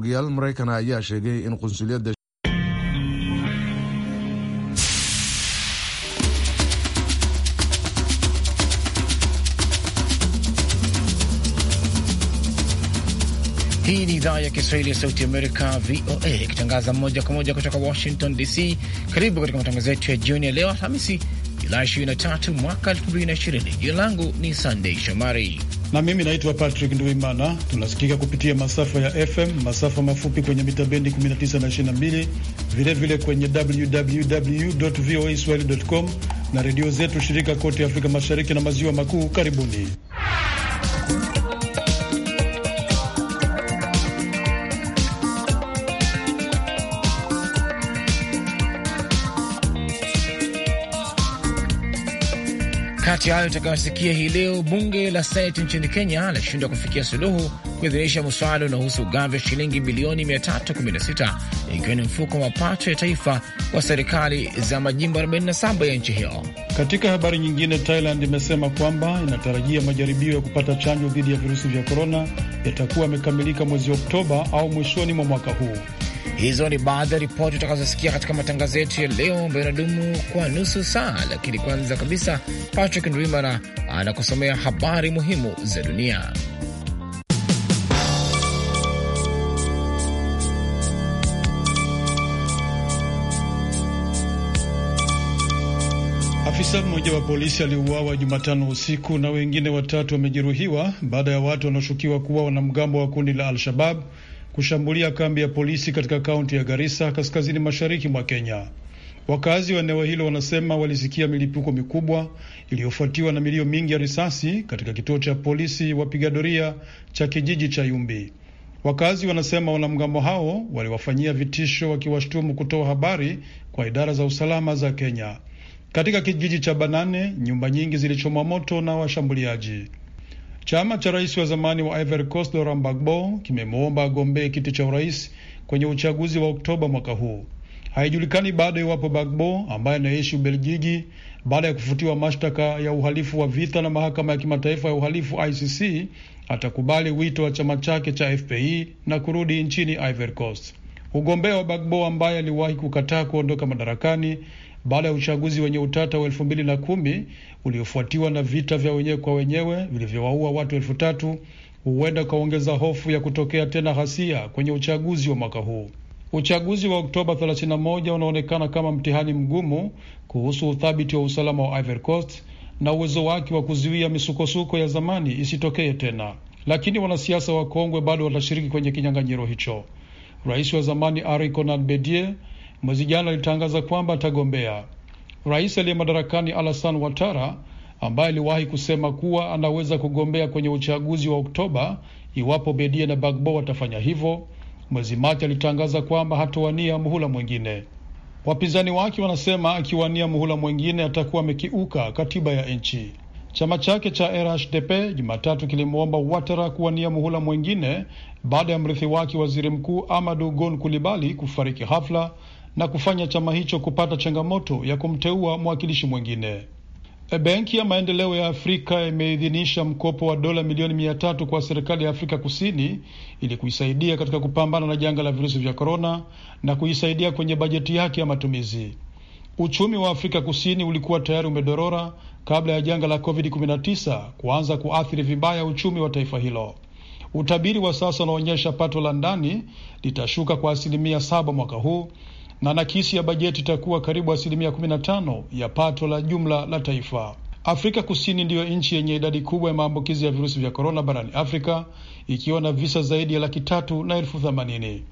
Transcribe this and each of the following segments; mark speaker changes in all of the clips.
Speaker 1: Ogial Marekani ayaa sheegay in qunsuliyadda
Speaker 2: Hii ni idhaa ya Kiswahili ya sauti Amerika, VOA, ikitangaza moja kwa moja kutoka Washington DC. Karibu katika matangazo yetu ya jioni ya leo Alhamisi, Julai 23 mwaka 2020. Jina langu ni Sandei
Speaker 1: Shomari na mimi naitwa Patrick Nduimana. Tunasikika kupitia masafa ya FM, masafa mafupi kwenye mitabendi 19 na 22, vilevile kwenye www voa swahili com na redio zetu shirika kote Afrika Mashariki na Maziwa Makuu. Karibuni.
Speaker 2: Kati hayo utakayosikia hii leo, bunge la set nchini Kenya lashindwa kufikia suluhu kuidhinisha mswada unaohusu ugavi wa shilingi bilioni 316 ikiwa ni mfuko wa mapato ya taifa wa serikali za majimbo 47 ya nchi hiyo.
Speaker 1: Katika habari nyingine, Thailand imesema kwamba inatarajia majaribio ya kupata chanjo dhidi ya virusi vya korona yatakuwa yamekamilika mwezi Oktoba au mwishoni mwa mwaka huu.
Speaker 2: Hizo ni baadhi ya ripoti utakazosikia katika matangazo yetu ya leo ambayo inadumu kwa nusu saa, lakini kwanza kabisa Patrick Ndwimana anakusomea habari muhimu za dunia.
Speaker 1: Afisa mmoja wa polisi aliuawa Jumatano usiku na wengine watatu wamejeruhiwa baada ya watu wanaoshukiwa kuwa wanamgambo wa kundi la Al-Shabab kushambulia kambi ya polisi katika kaunti ya Garissa kaskazini mashariki mwa Kenya. Wakazi wa eneo hilo wanasema walisikia milipuko mikubwa iliyofuatiwa na milio mingi ya risasi katika kituo cha polisi wapiga doria cha kijiji cha Yumbi. Wakazi wanasema wanamgambo hao waliwafanyia vitisho wakiwashtumu kutoa habari kwa idara za usalama za Kenya. Katika kijiji cha Banane nyumba nyingi zilichomwa moto na washambuliaji. Chama cha rais wa zamani wa Ivory Coast Laurent Gbagbo kimemwomba agombee kiti cha urais kwenye uchaguzi wa Oktoba mwaka huu. Haijulikani bado iwapo Bagbo ambaye anaishi Ubelgiji baada ya kufutiwa mashtaka ya uhalifu wa vita na mahakama ya kimataifa ya uhalifu ICC atakubali wito wa chama chake cha FPI na kurudi nchini Ivory Coast. Ugombea wa Bagbo ambaye aliwahi kukataa kuondoka madarakani baada ya uchaguzi wenye utata wa elfu mbili na kumi uliofuatiwa na vita vya wenyewe kwa wenyewe vilivyowaua watu elfu tatu huenda ukaongeza hofu ya kutokea tena ghasia kwenye uchaguzi wa mwaka huu. Uchaguzi wa Oktoba 31 unaonekana kama mtihani mgumu kuhusu uthabiti wa usalama wa Ivory Coast na uwezo wake wa kuzuia misukosuko ya zamani isitokee tena, lakini wanasiasa wakongwe bado watashiriki kwenye kinyang'anyiro hicho. Rais wa zamani Ari Konan Bedie mwezi jana alitangaza kwamba atagombea. Rais aliye madarakani Alasan Watara, ambaye aliwahi kusema kuwa anaweza kugombea kwenye uchaguzi wa Oktoba iwapo Bedie na Bagbo watafanya hivyo, mwezi Machi alitangaza kwamba hatawania muhula mwingine. Wapinzani wake wanasema akiwania muhula mwingine atakuwa amekiuka katiba ya nchi. Chama chake cha RHDP Jumatatu kilimwomba Watara kuwania muhula mwingine baada ya mrithi wake waziri mkuu Amadu Gon Kulibali kufariki hafla na kufanya chama hicho kupata changamoto ya kumteua mwakilishi mwingine. E, Benki ya Maendeleo ya Afrika imeidhinisha mkopo wa dola milioni mia tatu kwa serikali ya Afrika Kusini ili kuisaidia katika kupambana na janga la virusi vya korona na kuisaidia kwenye bajeti yake ya matumizi. Uchumi wa Afrika Kusini ulikuwa tayari umedorora kabla ya janga la COVID-19 kuanza kuathiri vibaya uchumi wa taifa hilo. Utabiri wa sasa unaonyesha pato la ndani litashuka kwa asilimia saba mwaka huu na nakisi ya bajeti itakuwa karibu asilimia 15 ya pato la jumla la taifa. Afrika Kusini ndiyo nchi yenye idadi kubwa ya maambukizi ya virusi vya korona barani Afrika, ikiwa na visa zaidi ya laki tatu na elfu themanini.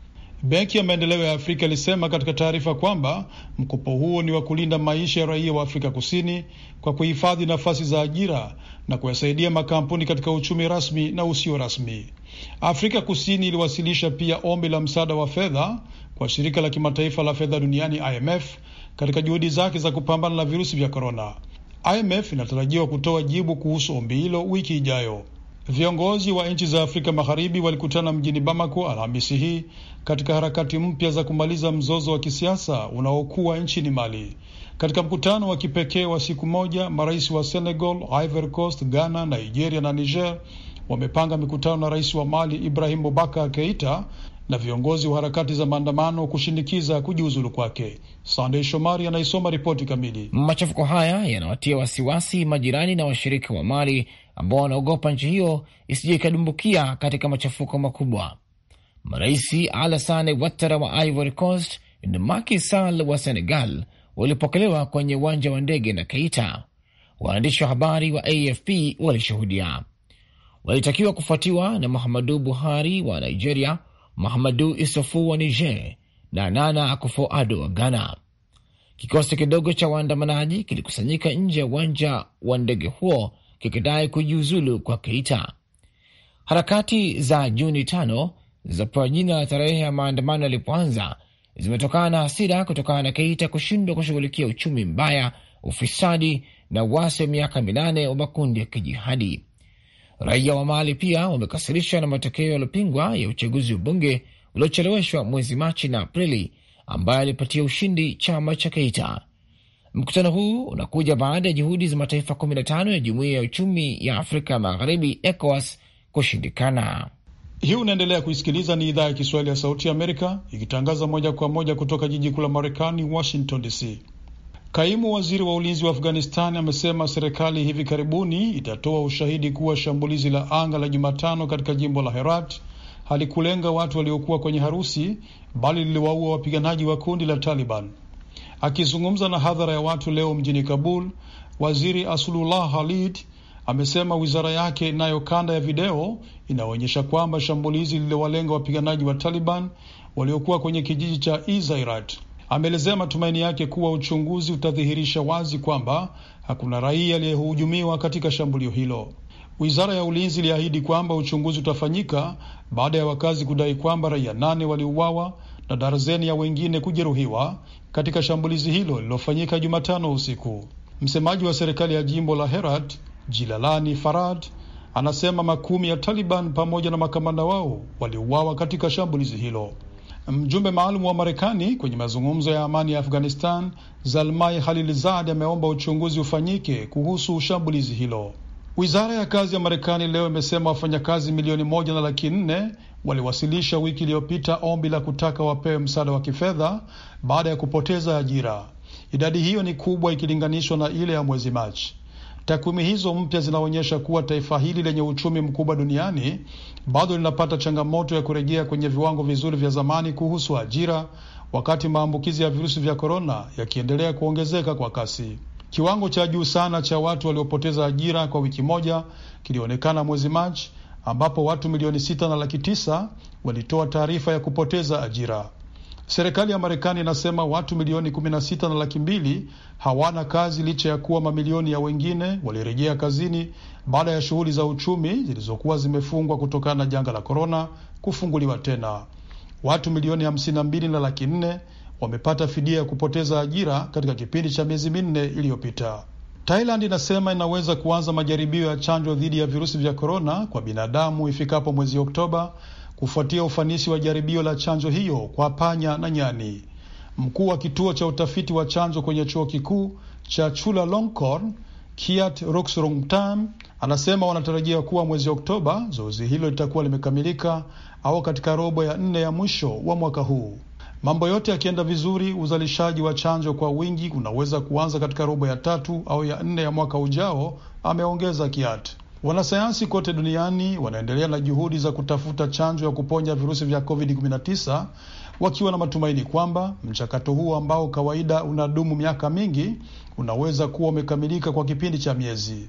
Speaker 1: Benki ya Maendeleo ya Afrika ilisema katika taarifa kwamba mkopo huo ni wa kulinda maisha ya raia wa Afrika Kusini kwa kuhifadhi nafasi za ajira na kuyasaidia makampuni katika uchumi rasmi na usio rasmi. Afrika Kusini iliwasilisha pia ombi la msaada wa fedha kwa shirika la kimataifa la fedha duniani IMF katika juhudi zake za kupambana na virusi vya korona. IMF inatarajiwa kutoa jibu kuhusu ombi hilo wiki ijayo. Viongozi wa nchi za Afrika Magharibi walikutana mjini Bamako Alhamisi hii katika harakati mpya za kumaliza mzozo wa kisiasa unaokuwa nchini Mali. Katika mkutano wa kipekee wa siku moja, marais wa Senegal, Ivory Coast, Ghana, Nigeria na Niger wamepanga mikutano na rais wa Mali Ibrahim Bobakar Keita na viongozi wa harakati za maandamano kushinikiza kujiuzulu kwake. Sandey Shomari anaisoma ripoti kamili.
Speaker 2: Machafuko haya yanawatia wasiwasi majirani na washirika wa Mali ambao wanaogopa nchi hiyo isije ikadumbukia katika machafuko makubwa. Marais Alassane Ouattara wa Ivory Coast na Macky Sall wa Senegal walipokelewa kwenye uwanja wa ndege na Keita. Waandishi wa habari wa AFP walishuhudia. Walitakiwa kufuatiwa na Muhammadu Buhari wa Nigeria Mahamadu Isofu wa Niger na Nana Akufo-Addo wa Ghana. Kikosi kidogo cha waandamanaji kilikusanyika nje ya uwanja wa ndege huo kikidai kujiuzulu kwa Keita. Harakati za Juni tano zilizopewa jina la tarehe ya maandamano yalipoanza zimetokana na hasira kutokana na Keita kushindwa kushughulikia uchumi mbaya, ufisadi na uasi wa miaka minane wa makundi ya kijihadi. Raia wa Mali pia wamekasirisha na matokeo yaliyopingwa ya uchaguzi wa bunge uliocheleweshwa mwezi Machi na Aprili, ambayo alipatia ushindi chama cha Keita. Mkutano huu unakuja baada ya juhudi za mataifa 15 ya jumuiya ya uchumi ya Afrika Magharibi,
Speaker 1: ECOWAS, kushindikana. Hii unaendelea kuisikiliza, ni idhaa ya Kiswahili ya Sauti ya Amerika ikitangaza moja kwa moja kutoka jiji kuu la Marekani, Washington DC. Kaimu waziri wa ulinzi wa Afghanistan amesema serikali hivi karibuni itatoa ushahidi kuwa shambulizi la anga la Jumatano katika jimbo la Herat halikulenga watu waliokuwa kwenye harusi bali liliwaua wapiganaji wa kundi la Taliban. Akizungumza na hadhara ya watu leo mjini Kabul, waziri Asulullah Khalid amesema wizara yake inayo kanda ya video inaonyesha kwamba shambulizi liliwalenga wapiganaji wa Taliban waliokuwa kwenye kijiji cha Izairat ameelezea matumaini yake kuwa uchunguzi utadhihirisha wazi kwamba hakuna raia aliyehujumiwa katika shambulio hilo. Wizara ya ulinzi iliahidi kwamba uchunguzi utafanyika baada ya wakazi kudai kwamba raia nane waliuawa na darzeni ya wengine kujeruhiwa katika shambulizi hilo lililofanyika Jumatano usiku. Msemaji wa serikali ya jimbo la Herat, Jilalani Farad, anasema makumi ya Taliban pamoja na makamanda wao waliuawa katika shambulizi hilo. Mjumbe maalum wa Marekani kwenye mazungumzo ya amani ya Afghanistan, Zalmai Khalilzad, ameomba uchunguzi ufanyike kuhusu shambulizi hilo. Wizara ya kazi ya Marekani leo imesema wafanyakazi milioni moja na laki nne waliwasilisha wiki iliyopita ombi la kutaka wapewe msaada wa kifedha baada ya kupoteza ajira. Idadi hiyo ni kubwa ikilinganishwa na ile ya mwezi Machi. Takwimu hizo mpya zinaonyesha kuwa taifa hili lenye uchumi mkubwa duniani bado linapata changamoto ya kurejea kwenye viwango vizuri vya zamani kuhusu ajira, wakati maambukizi ya virusi vya korona yakiendelea kuongezeka kwa kasi. Kiwango cha juu sana cha watu waliopoteza ajira kwa wiki moja kilionekana mwezi Machi, ambapo watu milioni sita na laki tisa walitoa taarifa ya kupoteza ajira. Serikali ya Marekani inasema watu milioni kumi na sita na laki mbili hawana kazi licha ya kuwa mamilioni ya wengine walirejea kazini baada ya shughuli za uchumi zilizokuwa zimefungwa kutokana na janga la korona kufunguliwa tena. Watu milioni hamsini na mbili na laki nne wamepata fidia ya kupoteza ajira katika kipindi cha miezi minne iliyopita. Thailand inasema inaweza kuanza majaribio ya chanjo dhidi ya virusi vya korona kwa binadamu ifikapo mwezi Oktoba kufuatia ufanisi wa jaribio la chanjo hiyo kwa panya na nyani. Mkuu wa kituo cha utafiti wa chanjo kwenye chuo kikuu cha chula longkorn Kiat Ruxrungtam anasema wanatarajia kuwa mwezi Oktoba zoezi hilo litakuwa limekamilika au katika robo ya nne ya mwisho wa mwaka huu. Mambo yote yakienda vizuri, uzalishaji wa chanjo kwa wingi unaweza kuanza katika robo ya tatu au ya nne ya mwaka ujao, ameongeza Kiat. Wanasayansi kote duniani wanaendelea na juhudi za kutafuta chanjo ya kuponya virusi vya COVID-19 wakiwa na matumaini kwamba mchakato huo ambao kawaida unadumu miaka mingi unaweza kuwa umekamilika kwa kipindi cha miezi.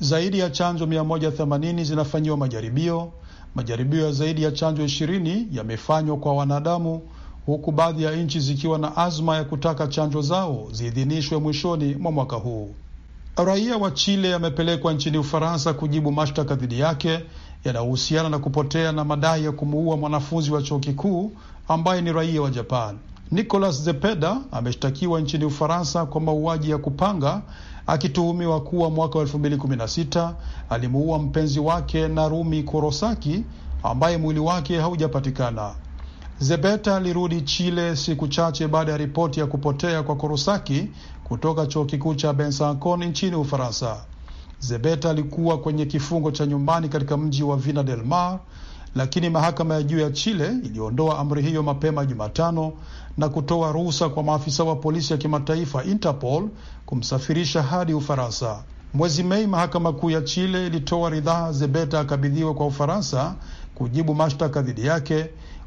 Speaker 1: Zaidi ya chanjo 180 zinafanyiwa majaribio. Majaribio ya zaidi ya chanjo 20 yamefanywa kwa wanadamu, huku baadhi ya nchi zikiwa na azma ya kutaka chanjo zao ziidhinishwe mwishoni mwa mwaka huu. Raia wa Chile amepelekwa nchini Ufaransa kujibu mashtaka dhidi yake yanayohusiana na kupotea na madai ya kumuua mwanafunzi wa chuo kikuu ambaye ni raia wa Japan. Nicolas Zepeda ameshtakiwa nchini Ufaransa kwa mauaji ya kupanga akituhumiwa kuwa mwaka wa 2016 alimuua mpenzi wake Narumi Kurosaki ambaye mwili wake haujapatikana. Zepeta alirudi Chile siku chache baada ya ripoti ya kupotea kwa Kurosaki kutoka chuo kikuu cha Besançon nchini Ufaransa. Zebeta alikuwa kwenye kifungo cha nyumbani katika mji wa Vina del Mar, lakini mahakama ya juu ya Chile iliondoa amri hiyo mapema Jumatano na kutoa ruhusa kwa maafisa wa polisi ya kimataifa Interpol kumsafirisha hadi Ufaransa. Mwezi Mei, mahakama kuu ya Chile ilitoa ridhaa Zebeta akabidhiwe kwa Ufaransa kujibu mashtaka dhidi yake,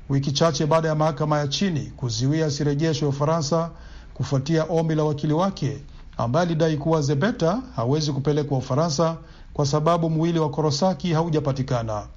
Speaker 1: wiki chache baada ya mahakama ya chini kuziwia sirejesho ya Ufaransa kufuatia ombi la wakili wake ambaye alidai kuwa Zebeta hawezi kupelekwa Ufaransa kwa sababu mwili wa Korosaki haujapatikana.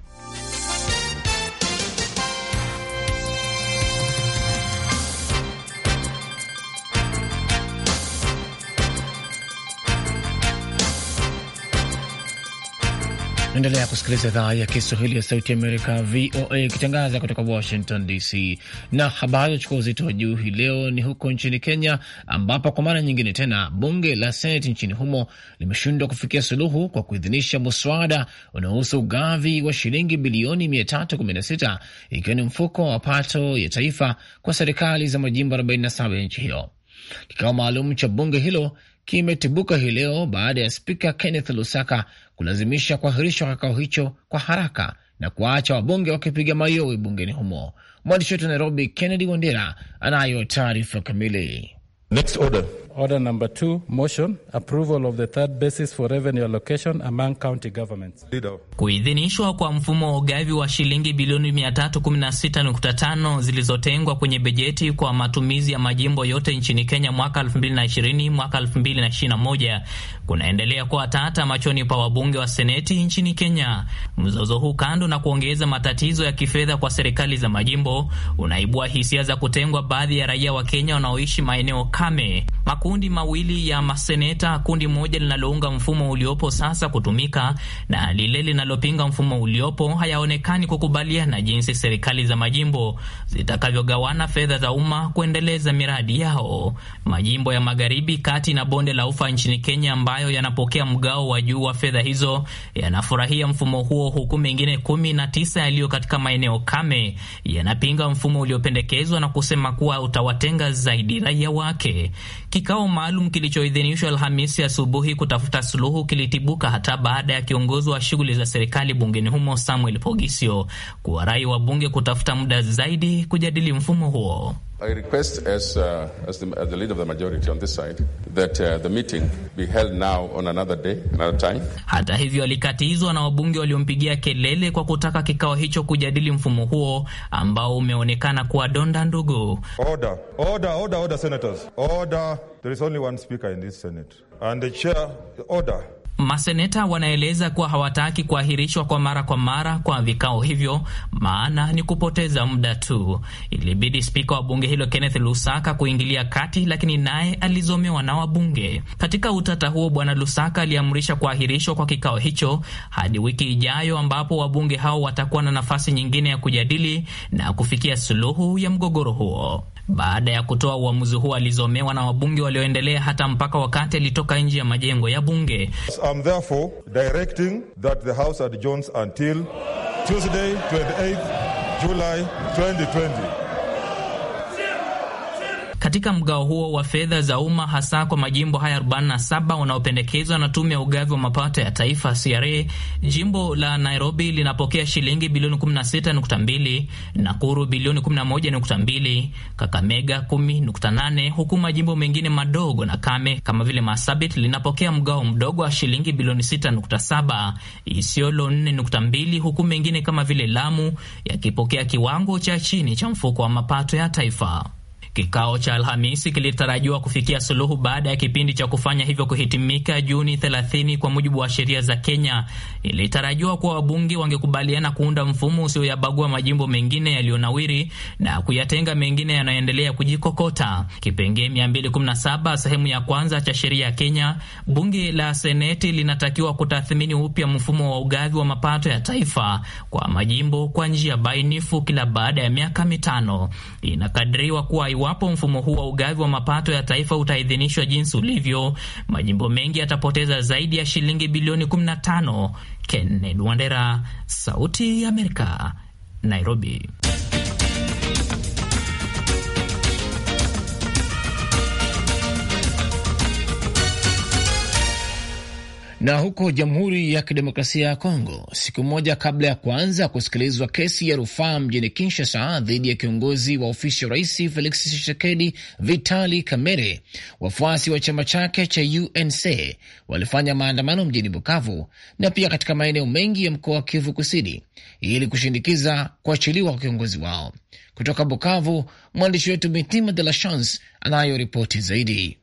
Speaker 2: Naendelea kusikiliza idhaa ya Kiswahili ya Sauti Amerika, VOA, ikitangaza kutoka Washington DC. Na habari uchukua uzito wa juu hii leo ni huko nchini Kenya, ambapo kwa mara nyingine tena bunge la Seneti nchini humo limeshindwa kufikia suluhu kwa kuidhinisha muswada unaohusu ugavi wa shilingi bilioni 316 ikiwa ni mfuko wa mapato ya taifa kwa serikali za majimbo 47 ya nchi hiyo. Kikao maalum cha bunge hilo kimetibuka hii leo baada ya spika Kenneth Lusaka kulazimisha kuahirishwa kikao hicho kwa haraka na kuwaacha wabunge wakipiga mayowe bungeni humo. Mwandishi wetu Nairobi, Kennedy Wandera, anayo taarifa
Speaker 3: kamili. Next order. Order number two,
Speaker 1: motion, approval of the third basis for revenue allocation among county governments.
Speaker 4: Kuidhinishwa kwa mfumo wa ugavi wa shilingi bilioni 316.5 zilizotengwa kwenye bajeti kwa matumizi ya majimbo yote nchini Kenya mwaka 2020 mwaka 2021 kunaendelea kuwa tata machoni pa wabunge wa seneti nchini Kenya. Mzozo huu kando na kuongeza matatizo ya kifedha kwa serikali za majimbo, unaibua hisia za kutengwa baadhi ya raia wa Kenya wanaoishi maeneo kame makundi mawili ya maseneta, kundi moja linalounga mfumo uliopo sasa kutumika na lile linalopinga mfumo uliopo, hayaonekani kukubaliana jinsi serikali za majimbo zitakavyogawana fedha za umma kuendeleza miradi yao. Majimbo ya magharibi, kati na bonde la ufa nchini Kenya ambayo yanapokea mgao wa juu wa fedha hizo yanafurahia mfumo huo, huku mengine kumi na tisa yaliyo katika maeneo kame yanapinga mfumo uliopendekezwa na kusema kuwa utawatenga zaidi raia wake Kika Kikao maalum kilichoidhinishwa Alhamisi asubuhi kutafuta suluhu kilitibuka hata baada ya kiongozi wa shughuli za serikali bungeni humo Samuel Pogisio kuwarai wabunge kutafuta muda zaidi kujadili mfumo huo.
Speaker 3: I request as, uh, as, the, as uh, the leader of the majority on this side that uh, the meeting be held now on another day, another time.
Speaker 4: Hata hivyo alikatizwa na wabunge waliompigia kelele kwa kutaka kikao hicho kujadili mfumo huo ambao umeonekana kuwa
Speaker 3: donda ndugu. Order, order, order, order, senators. Order. There is only one speaker in this Senate. And the chair, order.
Speaker 4: Maseneta wanaeleza kuwa hawataki kuahirishwa kwa mara kwa mara kwa vikao hivyo, maana ni kupoteza muda tu. Ilibidi spika wa bunge hilo Kenneth Lusaka kuingilia kati, lakini naye alizomewa na wabunge. Katika utata huo, bwana Lusaka aliamrisha kuahirishwa kwa kikao hicho hadi wiki ijayo, ambapo wabunge hao watakuwa na nafasi nyingine ya kujadili na kufikia suluhu ya mgogoro huo. Baada ya kutoa uamuzi huo, alizomewa na wabunge walioendelea hata mpaka wakati alitoka nje ya majengo ya bunge.
Speaker 3: I'm therefore directing that the House adjourns until Tuesday 28 July 2020
Speaker 4: katika mgao huo wa fedha za umma hasa kwa majimbo haya 47 unaopendekezwa na tume ya ugavi wa mapato ya taifa CRA, jimbo la Nairobi linapokea shilingi bilioni 16.2, Nakuru bilioni 11.2, Kakamega 10.8, huku majimbo mengine madogo na kame kama vile Masabit linapokea mgao mdogo wa shilingi bilioni 6.7, Isiolo 4.2, huku mengine kama vile Lamu yakipokea kiwango cha chini cha mfuko wa mapato ya taifa. Kikao cha Alhamisi kilitarajiwa kufikia suluhu baada ya kipindi cha kufanya hivyo kuhitimika Juni 30 kwa mujibu wa sheria za Kenya. Ilitarajiwa kuwa wabunge wangekubaliana kuunda mfumo usioyabagua majimbo mengine yaliyonawiri na kuyatenga mengine yanayoendelea kujikokota. Kipengee 217 sehemu ya kwanza cha sheria ya Kenya, bunge la seneti linatakiwa kutathmini upya mfumo wa ugavi wa mapato ya taifa kwa majimbo kwa njia bainifu kila baada ya miaka mitano. Inakadiriwa kuwa iwapo mfumo huu wa ugavi wa mapato ya taifa utaidhinishwa jinsi ulivyo, majimbo mengi yatapoteza zaidi ya shilingi bilioni 15. Kenneth Wandera, Sauti ya Amerika, Nairobi.
Speaker 2: Na huko Jamhuri ya Kidemokrasia ya Kongo, siku moja kabla ya kuanza kusikilizwa kesi ya rufaa mjini Kinshasa dhidi ya kiongozi wa ofisi ya rais Felix Tshisekedi Vitali Kamere, wafuasi wa chama chake cha UNC walifanya maandamano mjini Bukavu na pia katika maeneo mengi ya mkoa wa Kivu Kusini ili kushindikiza kuachiliwa kwa kiongozi wao. Kutoka Bukavu, mwandishi wetu Mitima De La Chance anayo ripoti zaidi.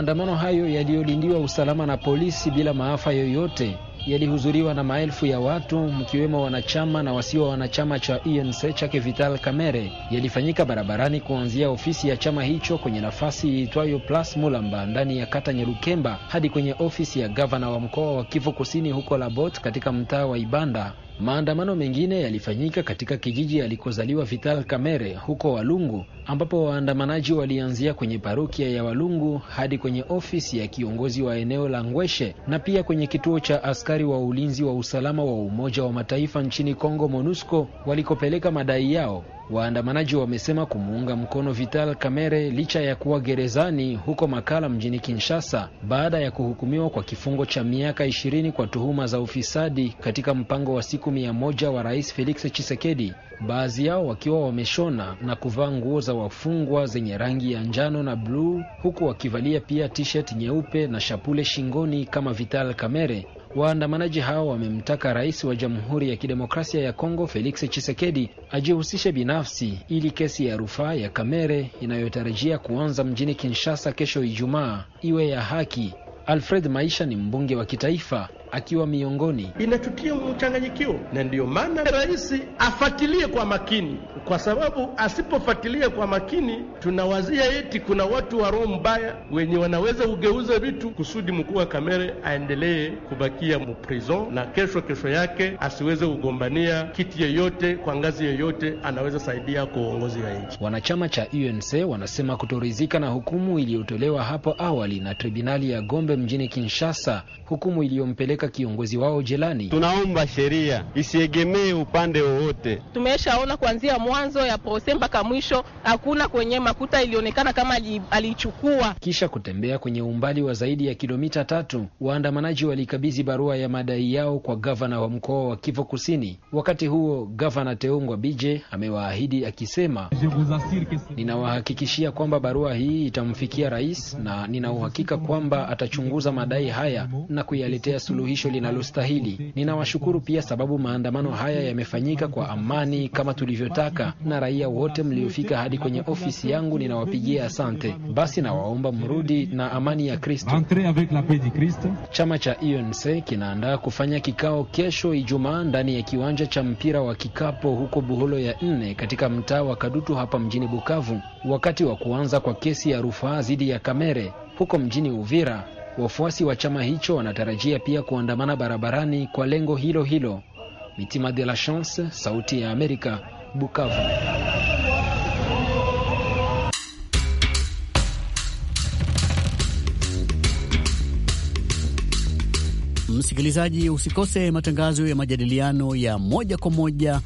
Speaker 5: Maandamano hayo yaliyolindiwa usalama na polisi bila maafa yoyote yalihudhuriwa na maelfu ya watu mkiwemo wanachama na wasio wanachama cha UNC e chake Vital Kamerhe. Yalifanyika barabarani kuanzia ofisi ya chama hicho kwenye nafasi iitwayo Place Mulamba ndani ya kata Nyelukemba hadi kwenye ofisi ya gavana wa mkoa wa Kivu Kusini huko Labot katika mtaa wa Ibanda Maandamano mengine yalifanyika katika kijiji alikozaliwa Vital Kamerhe huko Walungu, ambapo waandamanaji walianzia kwenye parokia ya Walungu hadi kwenye ofisi ya kiongozi wa eneo la Ngweshe na pia kwenye kituo cha askari wa ulinzi wa usalama wa Umoja wa Mataifa nchini Kongo, MONUSCO, walikopeleka madai yao. Waandamanaji wamesema kumuunga mkono Vital Kamerhe licha ya kuwa gerezani huko Makala mjini Kinshasa baada ya kuhukumiwa kwa kifungo cha miaka ishirini kwa tuhuma za ufisadi katika mpango wa siku siku mia moja wa Rais Felix Chisekedi, baadhi yao wakiwa wameshona na kuvaa nguo za wafungwa zenye rangi ya njano na bluu, huku wakivalia pia t-shirt nyeupe na shapule shingoni kama Vital Kamerhe. Waandamanaji hao wamemtaka rais wa Jamhuri ya Kidemokrasia ya Kongo Felix Chisekedi ajihusishe binafsi ili kesi ya rufaa ya Kamere inayotarajia kuanza mjini Kinshasa kesho Ijumaa iwe ya haki. Alfred Maisha ni mbunge wa kitaifa akiwa miongoni. Inatutia mchanganyikio, na ndiyo maana rais afatilie kwa makini, kwa sababu asipofuatilia kwa makini, tunawazia
Speaker 3: eti kuna watu wa roho mbaya wenye wanaweza kugeuza vitu kusudi mkuu wa Kamere
Speaker 5: aendelee kubakia muprison, na kesho kesho yake asiweze kugombania kiti yeyote kwa ngazi yeyote anaweza saidia kwa uongozi wa nchi. Wanachama cha UNC wanasema kutoridhika na hukumu iliyotolewa hapo awali na tribunali ya Gombe mjini Kinshasa, hukumu iliyompeleka kumpeleka kiongozi wao jelani. Tunaomba sheria isiegemee upande wowote.
Speaker 4: Tumeshaona kuanzia mwanzo ya proses mpaka mwisho, hakuna kwenye makuta ilionekana
Speaker 3: kama alichukua.
Speaker 5: Kisha kutembea kwenye umbali wa zaidi ya kilomita tatu, waandamanaji walikabidhi barua ya madai yao kwa gavana wa mkoa wa Kivu Kusini. Wakati huo gavana Teungwa Bije amewaahidi akisema, ninawahakikishia kwamba barua hii itamfikia rais na nina uhakika kwamba atachunguza madai haya na kuyaletea suluhi suluhisho linalostahili. Ninawashukuru pia sababu maandamano haya yamefanyika kwa amani kama tulivyotaka, na raia wote mliofika hadi kwenye ofisi yangu ninawapigia asante. Basi nawaomba mrudi na amani ya Kristo. Chama cha UNC kinaandaa kufanya kikao kesho Ijumaa ndani ya kiwanja cha mpira wa kikapo huko Buholo ya nne katika mtaa wa Kadutu hapa mjini Bukavu, wakati wa kuanza kwa kesi ya rufaa dhidi ya Kamere huko mjini Uvira Wafuasi wa chama hicho wanatarajia pia kuandamana barabarani kwa lengo hilo hilo. Mitima de la Chance, Sauti ya Amerika, Bukavu.
Speaker 4: Msikilizaji, usikose matangazo ya majadiliano ya moja kwa moja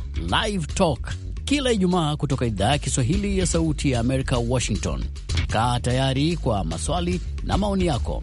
Speaker 4: Live Talk kila Ijumaa kutoka idhaa ya Kiswahili ya Sauti ya Amerika, Washington. Kaa tayari kwa maswali na maoni yako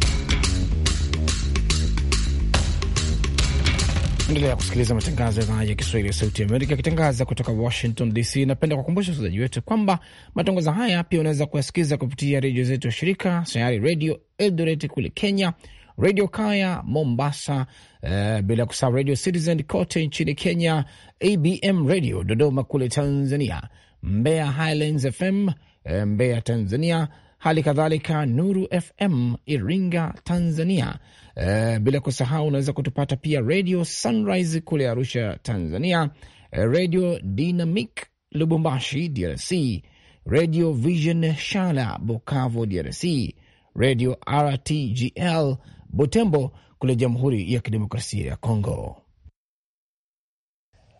Speaker 2: Endelea kusikiliza matangazo ya idhaa ya Kiswahili ya Sauti Amerika yakitangaza kutoka Washington DC. Napenda kuwakumbusha wasikilizaji wetu kwamba matangazo haya pia unaweza kuyasikiliza kupitia redio zetu ya shirika Sayari Redio Eldoret kule Kenya, Redio Kaya Mombasa, eh, bila kusahau Radio Citizen kote nchini Kenya, ABM Radio Dodoma kule Tanzania, Mbeya Highlands FM eh, Mbeya Tanzania, hali kadhalika Nuru FM Iringa Tanzania, e, bila kusahau unaweza kutupata pia Radio Sunrise kule Arusha, Tanzania, e, Radio Dynamic Lubumbashi, DRC, Radio Vision Shala Bukavu, DRC, Radio RTGL Butembo kule Jamhuri ya Kidemokrasia ya Kongo.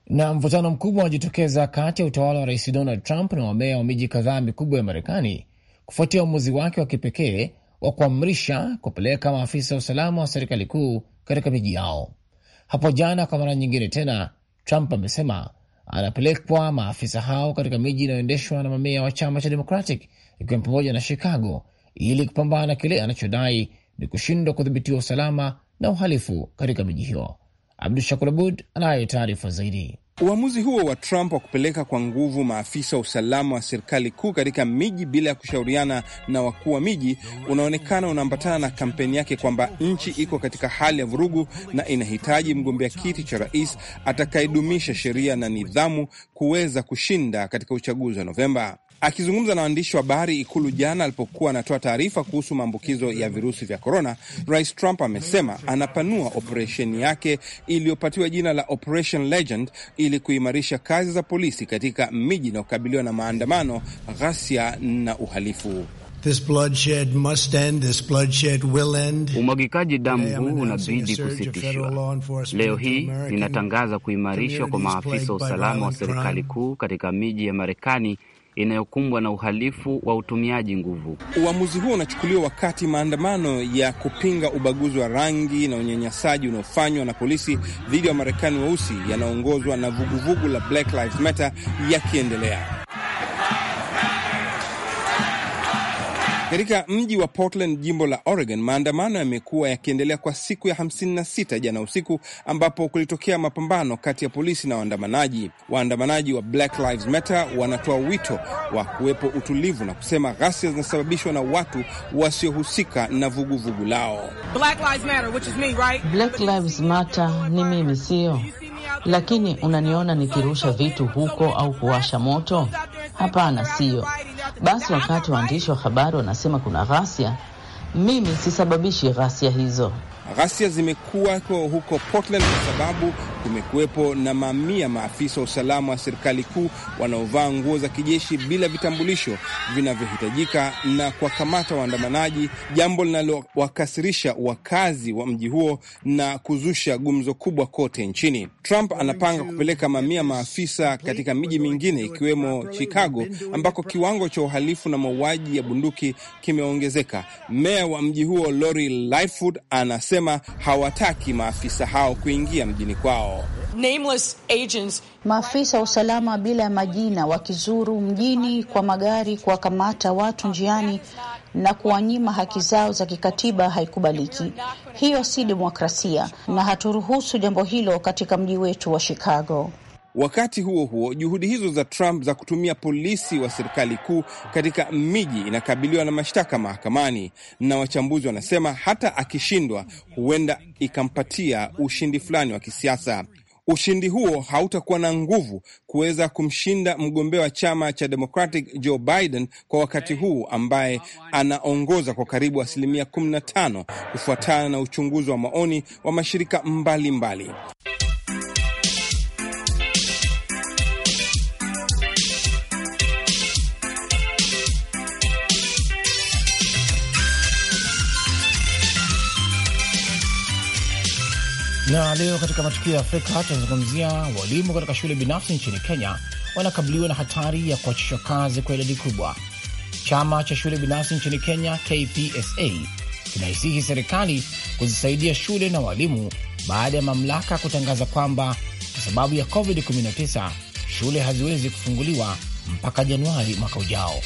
Speaker 2: Na mvutano mkubwa unajitokeza kati ya utawala wa Rais Donald Trump na wameya wa miji kadhaa mikubwa ya Marekani kufuatia uamuzi wake wa kipekee wa kuamrisha kupeleka maafisa wa usalama wa serikali kuu katika miji yao. Hapo jana kwa mara nyingine tena, Trump amesema anapelekwa maafisa hao katika miji inayoendeshwa na mamia wa chama cha Democratic, ikiwa ni pamoja na Chicago, ili kupambana na kile anachodai ni kushindwa kudhibitiwa usalama na uhalifu katika miji hiyo. Abdu Shakur Abud anayo taarifa zaidi.
Speaker 3: Uamuzi huo wa Trump wa kupeleka kwa nguvu maafisa wa usalama wa serikali kuu katika miji bila ya kushauriana na wakuu wa miji unaonekana unaambatana na kampeni yake kwamba nchi iko katika hali ya vurugu na inahitaji mgombea kiti cha rais atakayedumisha sheria na nidhamu kuweza kushinda katika uchaguzi wa Novemba. Akizungumza na waandishi wa habari Ikulu jana alipokuwa anatoa taarifa kuhusu maambukizo ya virusi vya korona, Rais Trump amesema anapanua operesheni yake iliyopatiwa jina la Operation Legend ili kuimarisha kazi za polisi katika miji inayokabiliwa na maandamano, ghasia na uhalifu.
Speaker 2: Umwagikaji damu huu unabidi kusitishwa.
Speaker 3: Leo hii
Speaker 4: ninatangaza kuimarishwa kwa maafisa wa usalama wa serikali kuu katika miji ya Marekani inayokumbwa na uhalifu wa utumiaji nguvu.
Speaker 3: Uamuzi huo unachukuliwa wakati maandamano ya kupinga ubaguzi wa rangi na unyanyasaji unaofanywa na polisi dhidi ya Wamarekani weusi yanaongozwa na vuguvugu la Black Lives Matter yakiendelea. Katika mji wa Portland, jimbo la Oregon, maandamano yamekuwa yakiendelea kwa siku ya 56 jana usiku, ambapo kulitokea mapambano kati ya polisi na waandamanaji. Waandamanaji wa Black Lives Matter wanatoa wito wa kuwepo utulivu na kusema ghasia zinasababishwa na watu wasiohusika na vuguvugu lao.
Speaker 6: Black Lives Matter, which is me, right? Black Lives Matter ni mimi, sio? Lakini unaniona nikirusha vitu huko au kuwasha moto? Hapana, sio basi wakati waandishi wa habari wanasema kuna ghasia, mimi sisababishi ghasia hizo.
Speaker 3: Ghasia zimekuwa huko Portland kwa sababu kumekuwepo na mamia maafisa wa usalama wa serikali kuu wanaovaa nguo za kijeshi bila vitambulisho vinavyohitajika na kuwakamata waandamanaji, jambo linalowakasirisha wakazi wa mji huo na kuzusha gumzo kubwa kote nchini. Trump anapanga kupeleka mamia maafisa katika miji mingine ikiwemo Chicago ambako kiwango cha uhalifu na mauaji ya bunduki kimeongezeka. Meya wa mji huo Lori Lightfoot anasema wanasema hawataki maafisa hao kuingia mjini kwao.
Speaker 6: Maafisa wa usalama bila ya majina wakizuru mjini kwa magari kuwakamata watu njiani na kuwanyima haki zao za kikatiba haikubaliki. Hiyo si demokrasia na haturuhusu jambo hilo katika mji wetu wa Chicago.
Speaker 3: Wakati huo huo, juhudi hizo za Trump za kutumia polisi wa serikali kuu katika miji inakabiliwa na mashtaka mahakamani, na wachambuzi wanasema hata akishindwa, huenda ikampatia ushindi fulani wa kisiasa. Ushindi huo hautakuwa na nguvu kuweza kumshinda mgombea wa chama cha Democratic Joe Biden kwa wakati huu ambaye anaongoza kwa karibu asilimia 15 kufuatana na uchunguzi wa maoni wa mashirika mbalimbali mbali.
Speaker 2: Na leo katika matukio ya Afrika tunazungumzia walimu katika shule binafsi nchini Kenya wanakabiliwa na hatari ya kuachishwa kazi kwa idadi kubwa. Chama cha shule binafsi nchini Kenya KPSA kinaisihi serikali kuzisaidia shule na walimu baada ya mamlaka kutangaza kwamba kwa sababu ya COVID-19 shule haziwezi kufunguliwa mpaka Januari mwaka ujao.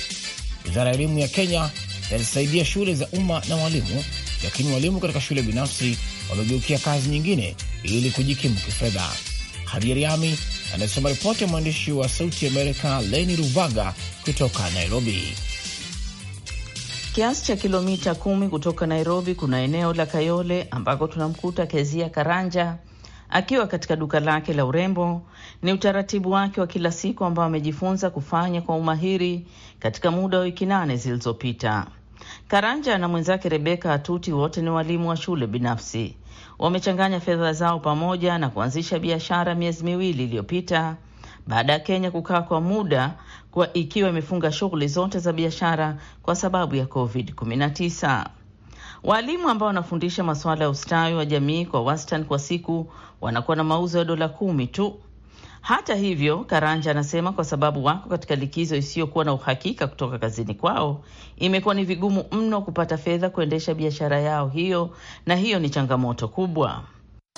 Speaker 2: Wizara ya elimu ya Kenya inazisaidia shule za umma na walimu, lakini walimu katika shule binafsi wamegeukia kazi nyingine ili kujikimu kifedha. Hadiariami anasoma ripoti ya mwandishi wa Sauti Amerika Leni Ruvaga kutoka Nairobi.
Speaker 6: Kiasi cha kilomita kumi kutoka Nairobi kuna eneo la Kayole ambako tunamkuta Kezia Karanja akiwa katika duka lake la urembo. Ni utaratibu wake wa kila siku ambao amejifunza kufanya kwa umahiri katika muda wa wiki nane zilizopita. Karanja na mwenzake Rebeka Atuti wote ni walimu wa shule binafsi. Wamechanganya fedha zao pamoja na kuanzisha biashara miezi miwili iliyopita baada ya Kenya kukaa kwa muda kwa ikiwa imefunga shughuli zote za biashara kwa sababu ya COVID-19. Waalimu ambao wanafundisha masuala ya ustawi wa jamii kwa wastani kwa siku wanakuwa na mauzo ya dola kumi tu hata hivyo, Karanja anasema kwa sababu wako katika likizo isiyokuwa na uhakika kutoka kazini kwao, imekuwa ni vigumu mno kupata fedha kuendesha biashara yao hiyo, na hiyo ni changamoto kubwa.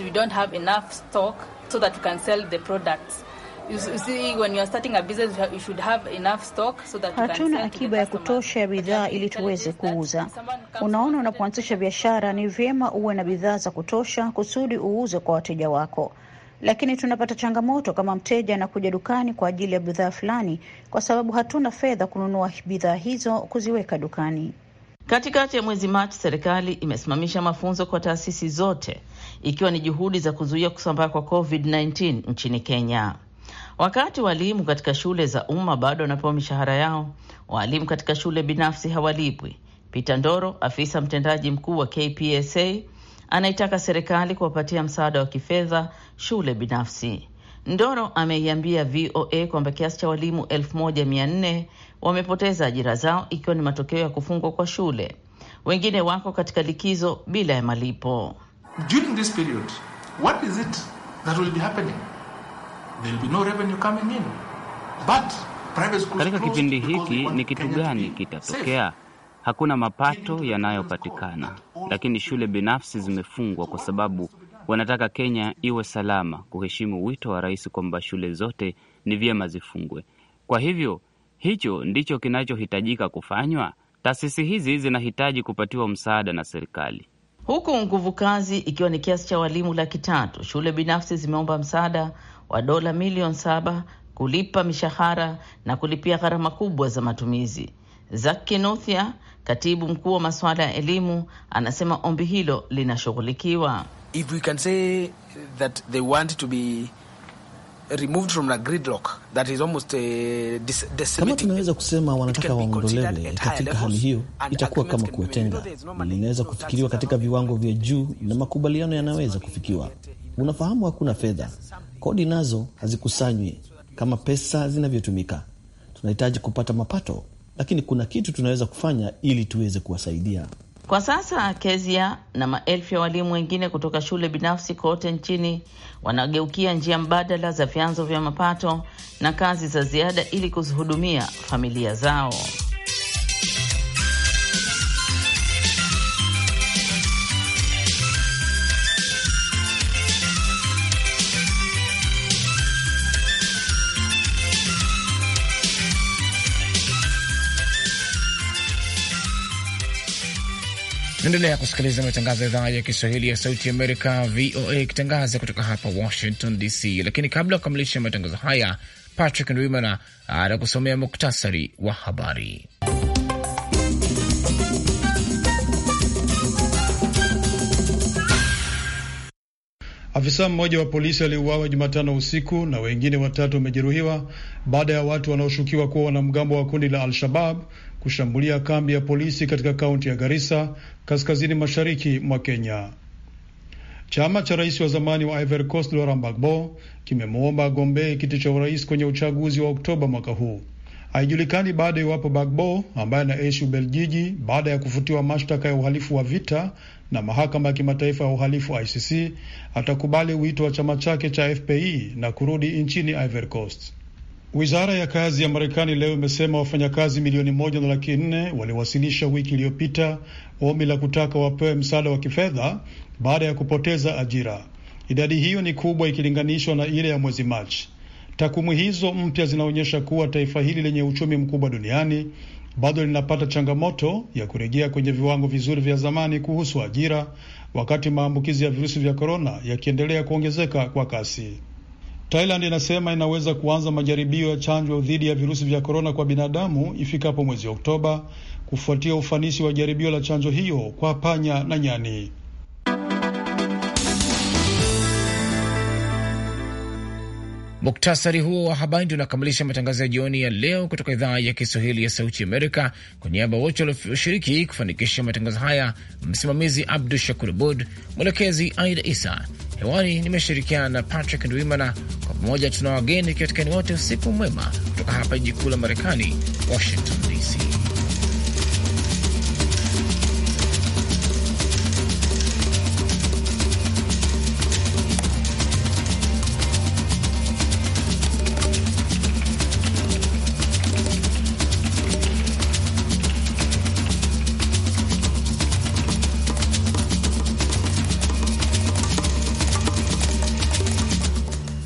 Speaker 6: We don't have enough stock so that we can sell the products. Hatuna akiba ya kutosha ya bidhaa ili tuweze kuuza. Unaona, unapoanzisha biashara ni vyema uwe na bidhaa za kutosha kusudi uuze kwa wateja wako lakini tunapata changamoto kama mteja anakuja dukani kwa ajili ya bidhaa fulani, kwa sababu hatuna fedha kununua bidhaa hizo kuziweka dukani. Katikati ya mwezi Machi, serikali imesimamisha mafunzo kwa taasisi zote, ikiwa ni juhudi za kuzuia kusambaa kwa COVID-19 nchini Kenya. Wakati walimu katika shule za umma bado wanapewa mishahara yao, walimu katika shule binafsi hawalipwi. Peter Ndoro, afisa mtendaji mkuu wa KPSA anaitaka serikali kuwapatia msaada wa kifedha shule binafsi. Ndoro ameiambia VOA kwamba kiasi cha walimu 1400 wamepoteza ajira zao ikiwa ni matokeo ya kufungwa kwa shule. Wengine wako katika likizo bila ya malipo.
Speaker 3: During this period, what is it that will be happening? There will be no revenue coming in. But private schools. Katika kipindi
Speaker 4: hiki ni kitu gani kitatokea? hakuna mapato yanayopatikana, lakini shule binafsi zimefungwa kwa sababu wanataka Kenya iwe salama, kuheshimu wito wa rais kwamba shule zote ni vyema zifungwe. Kwa hivyo hicho ndicho kinachohitajika kufanywa. Taasisi hizi zinahitaji kupatiwa msaada na serikali.
Speaker 6: Huku nguvu kazi ikiwa ni kiasi cha walimu laki tatu, shule binafsi zimeomba msaada wa dola milioni saba kulipa mishahara na kulipia gharama kubwa za matumizi. Zak Katibu mkuu wa masuala ya elimu anasema ombi hilo linashughulikiwa.
Speaker 5: Kama
Speaker 4: tunaweza kusema wanataka waondolewe katika hali hiyo, itakuwa kama kuwatenga. Linaweza kufikiriwa katika viwango vya juu na makubaliano yanaweza kufikiwa. Unafahamu, hakuna fedha, kodi nazo hazikusanywi kama pesa zinavyotumika. Tunahitaji kupata mapato lakini kuna kitu tunaweza kufanya ili tuweze kuwasaidia.
Speaker 6: Kwa sasa Kezia na maelfu ya walimu wengine kutoka shule binafsi kote nchini wanageukia njia mbadala za vyanzo vya mapato na kazi za ziada ili kuzihudumia familia zao.
Speaker 2: Naendelea kusikiliza matangazo ya idhaa ya Kiswahili ya Sauti Amerika, VOA, ikitangaza kutoka hapa Washington DC. Lakini kabla ya kukamilisha matangazo haya, Patrick Ndwimana atakusomea muktasari wa
Speaker 1: habari. Afisa mmoja wa polisi aliuawa Jumatano usiku na wengine watatu wamejeruhiwa baada ya watu wanaoshukiwa kuwa wanamgambo wa kundi la Al-Shabab kushambulia kambi ya polisi katika kaunti ya Garissa kaskazini mashariki mwa Kenya. Chama cha rais wa zamani wa Ivory Coast Laurent Gbagbo kimemwomba agombee kiti cha urais kwenye uchaguzi wa Oktoba mwaka huu. Haijulikani bado iwapo Bagbo ambaye anaishi Ubeljiji baada ya kufutiwa mashtaka ya uhalifu wa vita na mahakama ya kimataifa ya uhalifu ICC atakubali wito wa chama chake cha FPI na kurudi nchini Ivory Coast. Wizara ya kazi ya Marekani leo imesema wafanyakazi milioni moja na laki nne waliwasilisha wiki iliyopita ombi la kutaka wapewe msaada wa kifedha baada ya kupoteza ajira. Idadi hiyo ni kubwa ikilinganishwa na ile ya mwezi Machi. Takwimu hizo mpya zinaonyesha kuwa taifa hili lenye uchumi mkubwa duniani bado linapata changamoto ya kurejea kwenye viwango vizuri vya zamani kuhusu ajira, wakati maambukizi ya virusi vya korona yakiendelea kuongezeka kwa kasi. Thailand inasema inaweza kuanza majaribio ya chanjo dhidi ya virusi vya korona kwa binadamu ifikapo mwezi Oktoba kufuatia ufanisi wa jaribio la chanjo hiyo kwa panya na nyani.
Speaker 2: Muktasari huo wa habari ndio unakamilisha matangazo ya jioni ya leo kutoka idhaa ya Kiswahili ya Sauti Amerika. Kwa niaba wote walioshiriki kufanikisha matangazo haya, msimamizi Abdu Shakur Abud, mwelekezi Aida Isa. Hewani nimeshirikiana na Patrick Ndwimana. Kwa pamoja tuna wageni kiwatikani wote, usiku mwema kutoka hapa jiji kuu la Marekani, Washington DC.